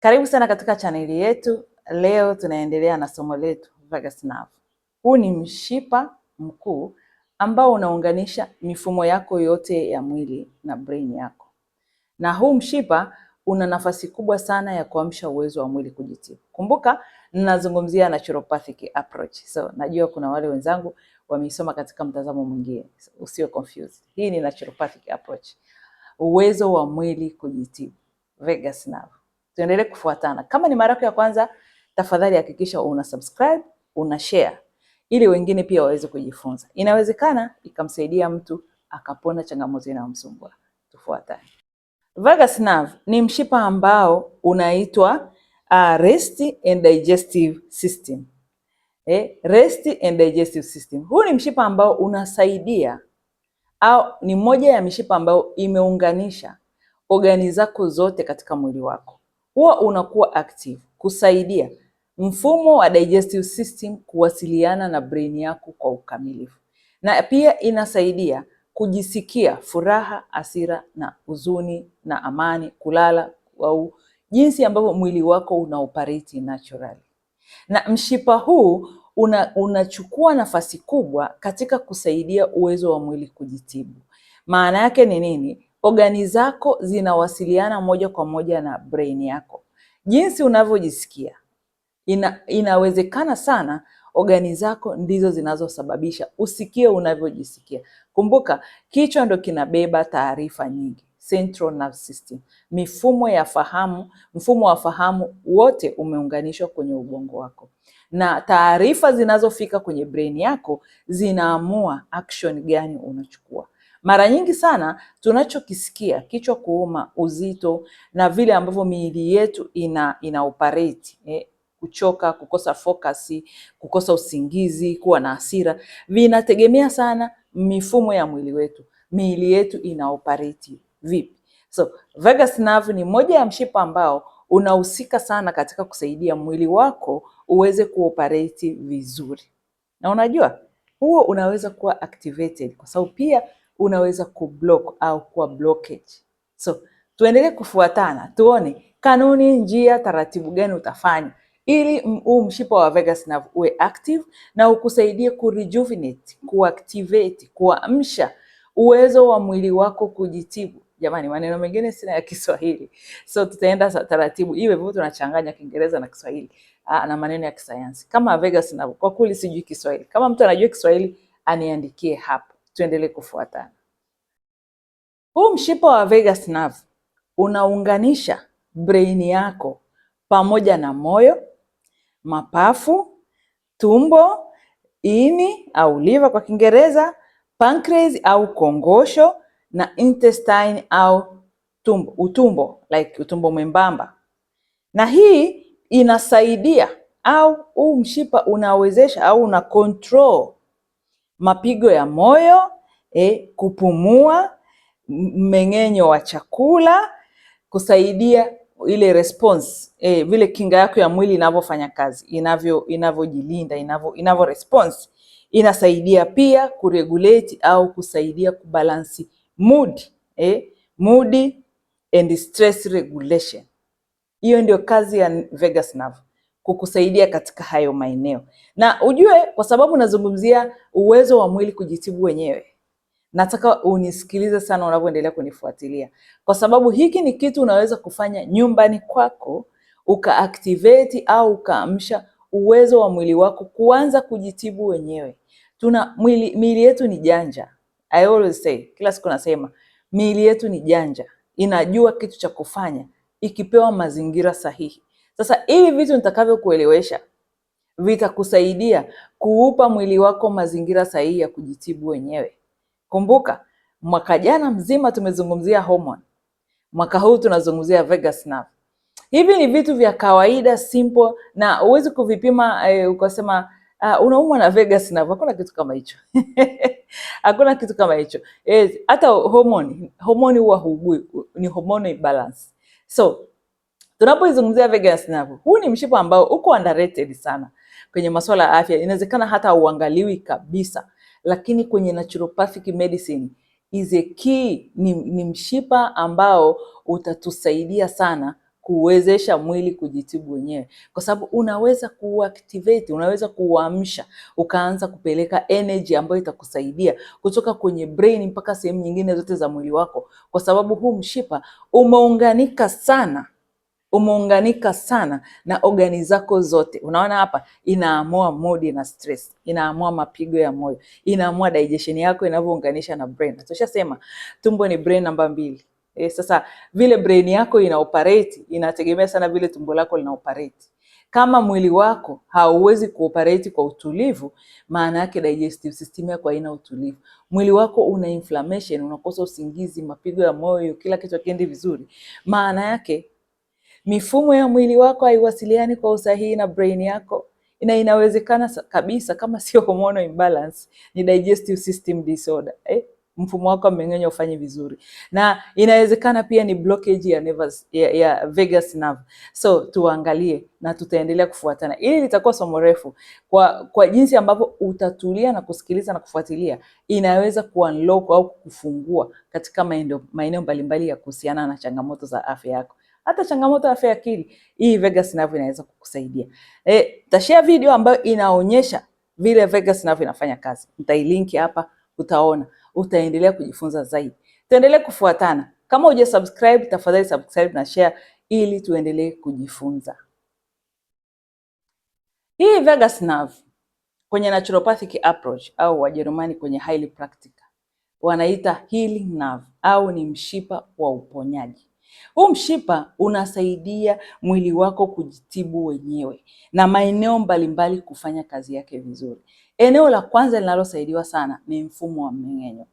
Karibu sana katika chaneli yetu. Leo tunaendelea na somo letu vagus nerve. Huu ni mshipa mkuu ambao unaunganisha mifumo yako yote ya mwili na brain yako, na huu mshipa una nafasi kubwa sana ya kuamsha uwezo wa mwili kujitibu. Kumbuka ninazungumzia naturopathic approach, so najua kuna wale wenzangu wameisoma katika mtazamo mwingine, usio confused. Hii ni naturopathic approach, uwezo wa mwili kujitibu vagus nerve tuendelee kufuatana. Kama ni mara yako ya kwanza, tafadhali hakikisha una subscribe, una share ili wengine pia waweze kujifunza. Inawezekana ikamsaidia mtu akapona changamoto inayomsumbua. Tufuatane. Vagus nerve ni mshipa ambao unaitwa uh, rest and digestive system. Eh, rest and digestive system. Huu ni mshipa ambao unasaidia au ni moja ya mishipa ambayo imeunganisha ogani zako zote katika mwili wako huwa unakuwa active kusaidia mfumo wa digestive system kuwasiliana na brain yako kwa ukamilifu, na pia inasaidia kujisikia furaha, hasira na huzuni na amani, kulala au jinsi ambavyo mwili wako unaoperate naturally. Na mshipa huu una, unachukua nafasi kubwa katika kusaidia uwezo wa mwili kujitibu. Maana yake ni nini? Ogani zako zinawasiliana moja kwa moja na brain yako, jinsi unavyojisikia. Ina, inawezekana sana ogani zako ndizo zinazosababisha usikie unavyojisikia. Kumbuka, kichwa ndo kinabeba taarifa nyingi, central nervous system. Mifumo ya fahamu, mfumo wa fahamu wote umeunganishwa kwenye ubongo wako, na taarifa zinazofika kwenye brain yako zinaamua action gani unachukua. Mara nyingi sana tunachokisikia kichwa kuuma, uzito na vile ambavyo miili yetu ina ina operate eh, kuchoka, kukosa focus, kukosa usingizi, kuwa na hasira, vinategemea sana mifumo ya mwili wetu. Miili yetu ina operate vipi? So vagus nerve ni moja ya mshipa ambao unahusika sana katika kusaidia mwili wako uweze kuoperate vizuri, na unajua huo unaweza kuwa activated kwa sababu pia unaweza kublock au kuwa blockage. So tuendelee kufuatana, tuone kanuni, njia, taratibu gani utafanya ili huu mshipa wa vagus nerve uwe active na ukusaidie kurejuvenate, kuactivate, kuamsha uwezo wa mwili wako kujitibu. Jamani, maneno mengine sina ya Kiswahili, so tutaenda taratibu, iwe hivyo tunachanganya Kiingereza na Kiswahili aa, na maneno ya kisayansi kama vagus nerve. Kwa kweli sijui Kiswahili, kama mtu anajua Kiswahili aniandikie hapa tuendelee kufuatana. Huu mshipa wa vagus nerve unaunganisha brain yako pamoja na moyo, mapafu, tumbo, ini au liva kwa Kiingereza, pancreas au kongosho na intestine au tumbo, utumbo like utumbo mwembamba, na hii inasaidia au huu mshipa unawezesha au una control mapigo ya moyo e, kupumua, mmeng'enyo wa chakula, kusaidia ile response e, vile kinga yako ya mwili inavyofanya kazi, inavyo inavyojilinda, inavyo inavyo response inasaidia pia kuregulate au kusaidia kubalansi mood e, mood and stress regulation. Hiyo ndio kazi ya vagus nerve kukusaidia katika hayo maeneo. Na ujue kwa sababu nazungumzia uwezo wa mwili kujitibu wenyewe, nataka unisikilize sana unavyoendelea kunifuatilia, kwa sababu hiki ni kitu unaweza kufanya nyumbani kwako ukaaktiveti au ukaamsha uwezo wa mwili wako kuanza kujitibu wenyewe. Tuna mwili, miili yetu ni janja. I always say, kila siku nasema miili yetu ni janja, inajua kitu cha kufanya ikipewa mazingira sahihi. Sasa hivi vitu nitakavyokuelewesha vitakusaidia kuupa mwili wako mazingira sahihi ya kujitibu wenyewe. Kumbuka mwaka jana mzima tumezungumzia hormone. mwaka huu tunazungumzia vagus nerve. Hivi ni vitu vya kawaida simple, na huwezi kuvipima eh, ukasema uh, unaumwa na vagus nerve. Hakuna kitu kama hicho hakuna kitu kama hicho. Eh, hata hormone hormone huwa huugui, ni hormone balance. So Tunapoizungumzia vagus nerve, huu ni mshipa ambao uko underrated sana kwenye masuala ya afya, inawezekana hata uangaliwi kabisa, lakini kwenye naturopathic medicine is a key, ni, ni mshipa ambao utatusaidia sana kuwezesha mwili kujitibu wenyewe, kwa sababu unaweza kuactivate, unaweza kuamsha, ukaanza kupeleka energy ambayo itakusaidia kutoka kwenye brain mpaka sehemu nyingine zote za mwili wako, kwa sababu huu mshipa umeunganika sana umeunganika sana na ogani zako zote. Unaona hapa inaamua modi na stress, inaamua mapigo ya moyo, inaamua digestion yako inavyounganisha na brain. Tushasema tumbo ni brain namba mbili. E, sasa vile brain yako ina operate inategemea sana vile tumbo lako lina operate. Kama mwili wako hauwezi kuoperate kwa utulivu, maana yake digestive system yako haina utulivu. Mwili wako una inflammation, unakosa usingizi, mapigo ya moyo, kila kitu hakiendi vizuri, maana yake mifumo ya mwili wako haiwasiliani kwa usahihi na brain yako, na inawezekana kabisa kama sio hormonal imbalance ni digestive system disorder eh? Mfumo wako wa ufanye vizuri, na inawezekana pia ni blockage ya nervous, ya, ya vagus nerve. So tuangalie na tutaendelea kufuatana, ili litakuwa somo refu kwa, kwa jinsi ambavyo utatulia na kusikiliza na kufuatilia, inaweza kuunlock au kufungua katika maeneo mbalimbali ya kuhusiana na changamoto za afya yako hata changamoto ya afya ya akili, hii Vegas Nerve inaweza kukusaidia. E, tashare video ambayo inaonyesha vile Vegas Nerve inafanya kazi. Nitailinki hapa, utaona, utaendelea kujifunza zaidi. Tuendelee kufuatana. Kama uje subscribe, tafadhali subscribe na share ili tuendelee kujifunza. Hii Vagus nerve kwenye naturopathic approach au Wajerumani kwenye highly practical wanaita healing nerve au ni mshipa wa uponyaji. Huu mshipa unasaidia mwili wako kujitibu wenyewe na maeneo mbalimbali kufanya kazi yake vizuri. Eneo la kwanza linalosaidiwa sana ni mfumo wa mmeng'enyo.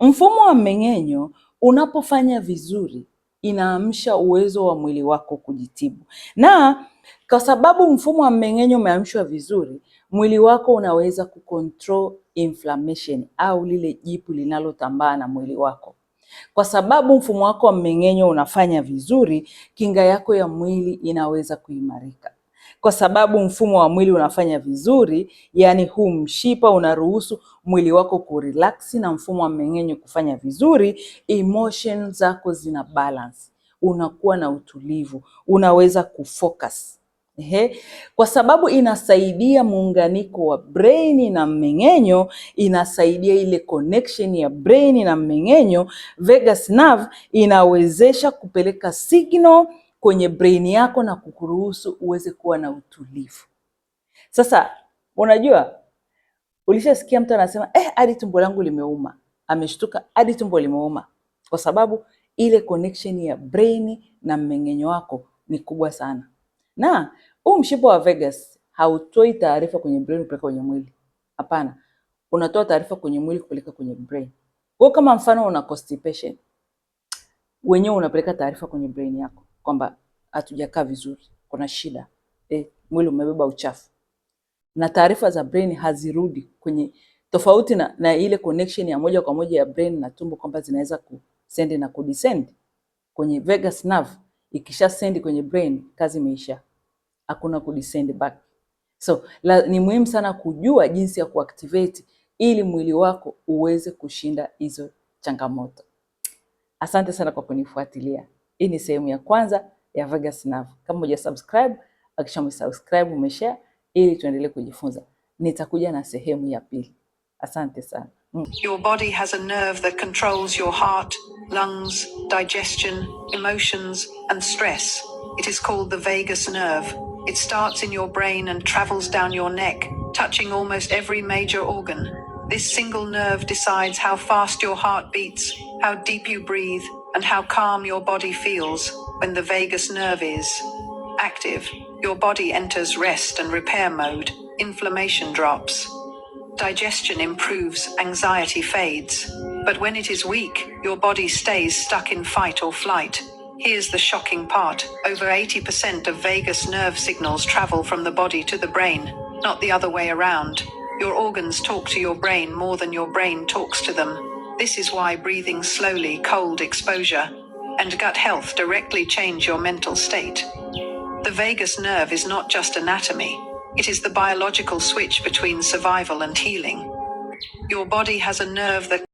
Mfumo wa mmeng'enyo unapofanya vizuri, inaamsha uwezo wa mwili wako kujitibu, na kwa sababu mfumo wa mmeng'enyo umeamshwa vizuri, mwili wako unaweza kucontrol inflammation au lile jipu linalotambaa na mwili wako. Kwa sababu mfumo wako wa mmeng'enyo unafanya vizuri, kinga yako ya mwili inaweza kuimarika. Kwa sababu mfumo wa mwili unafanya vizuri, yaani huu mshipa unaruhusu mwili wako kurelaksi na mfumo wa mmeng'enyo kufanya vizuri, emotion zako zina balance, unakuwa na utulivu, unaweza kufocus. Ehe. kwa sababu inasaidia muunganiko wa brain na mmeng'enyo, inasaidia ile connection ya brain na mmeng'enyo. Vagus nerve inawezesha kupeleka signal kwenye brain yako na kukuruhusu uweze kuwa na utulivu. Sasa unajua, ulishasikia mtu anasema eh, hadi tumbo langu limeuma, ameshtuka hadi tumbo limeuma, kwa sababu ile connection ya brain na mmeng'enyo wako ni kubwa sana na huu mshipa wa Vagus hautoi taarifa kwenye brain kupeleka kwenye mwili. Hapana, unatoa taarifa kwenye mwili kupeleka kwenye brain. Kwa kama mfano una constipation, wenyewe unapeleka taarifa kwenye brain yako kwamba hatujakaa vizuri, kuna shida. Eh, mwili umebeba uchafu. Na taarifa za brain hazirudi kwenye tofauti na, na ile connection ya moja kwa moja ya brain na tumbo kwamba zinaweza kusend na kudescend kwenye vagus nerve ikisha send kwenye brain kazi imeisha hakuna kudescend back. So la, ni muhimu sana kujua jinsi ya kuactivate ili mwili wako uweze kushinda hizo changamoto. Asante sana kwa kunifuatilia. Hii ni sehemu ya kwanza ya Vagus Nerve. Kama uja subscribe, hakikisha umesubscribe, umeshare ili tuendelee kujifunza. Nitakuja na sehemu ya pili. Asante sana. Mm. Your body has a nerve that controls your heart, lungs, digestion, emotions and stress. It is called the vagus nerve. It starts in your brain and travels down your neck, touching almost every major organ. This single nerve decides how fast your heart beats, how deep you breathe, and how calm your body feels when the vagus nerve is active. Your body enters rest and repair mode, inflammation drops. Digestion improves, anxiety fades. But when it is weak, your body stays stuck in fight or flight. Here's the shocking part over 80% of vagus nerve signals travel from the body to the brain, not the other way around. Your organs talk to your brain more than your brain talks to them. This is why breathing slowly, cold exposure, and gut health directly change your mental state. The vagus nerve is not just anatomy, it is the biological switch between survival and healing. Your body has a nerve that